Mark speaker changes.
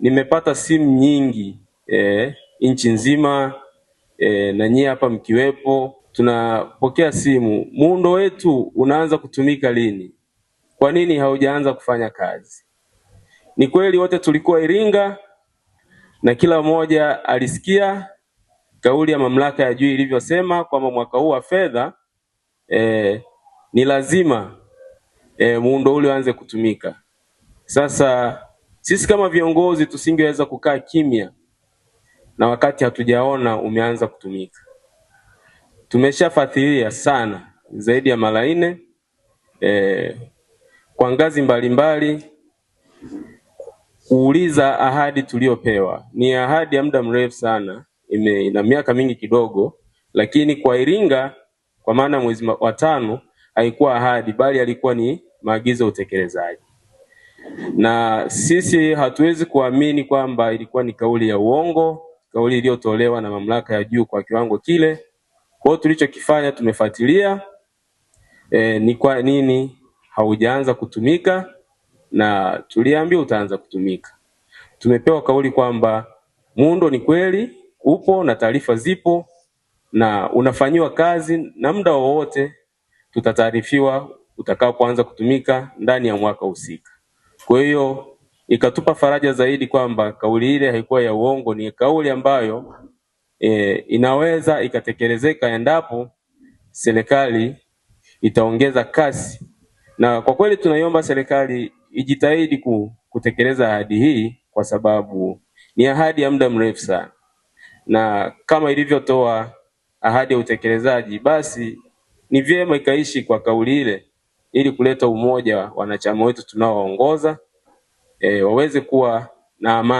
Speaker 1: Nimepata simu nyingi eh, nchi nzima eh, na nyie hapa mkiwepo, tunapokea simu. Muundo wetu unaanza kutumika lini? Kwa nini haujaanza kufanya kazi? Ni kweli wote tulikuwa Iringa na kila mmoja alisikia kauli ya mamlaka ya juu ilivyosema kwamba mwaka huu wa fedha eh, ni lazima eh, muundo ule uanze kutumika sasa sisi kama viongozi tusingeweza kukaa kimya na wakati hatujaona umeanza kutumika. Tumeshafadhilia sana zaidi ya mara nne eh, kwa ngazi mbalimbali kuuliza ahadi tuliyopewa. Ni ahadi ya muda mrefu sana, ime ina miaka mingi kidogo, lakini kwa Iringa kwa maana mwezi wa tano haikuwa ahadi, bali alikuwa ni maagizo ya utekelezaji na sisi hatuwezi kuamini kwamba ilikuwa ni kauli ya uongo, kauli iliyotolewa na mamlaka ya juu kwa kiwango kile. Kwa hiyo tulichokifanya tumefuatilia e, ni kwa nini haujaanza kutumika, na tuliambiwa utaanza kutumika. Tumepewa kauli kwamba muundo ni kweli upo na taarifa zipo na unafanyiwa kazi, na muda wowote tutataarifiwa utakapoanza kutumika ndani ya mwaka husika. Kwa hiyo ikatupa faraja zaidi kwamba kauli ile haikuwa ya uongo, ni kauli ambayo e, inaweza ikatekelezeka endapo serikali itaongeza kasi, na kwa kweli tunaiomba serikali ijitahidi kutekeleza ahadi hii kwa sababu ni ahadi ya muda mrefu sana, na kama ilivyotoa ahadi ya utekelezaji, basi ni vyema ikaishi kwa kauli ile ili kuleta umoja wanachama wetu tunaowaongoza e, waweze kuwa na amani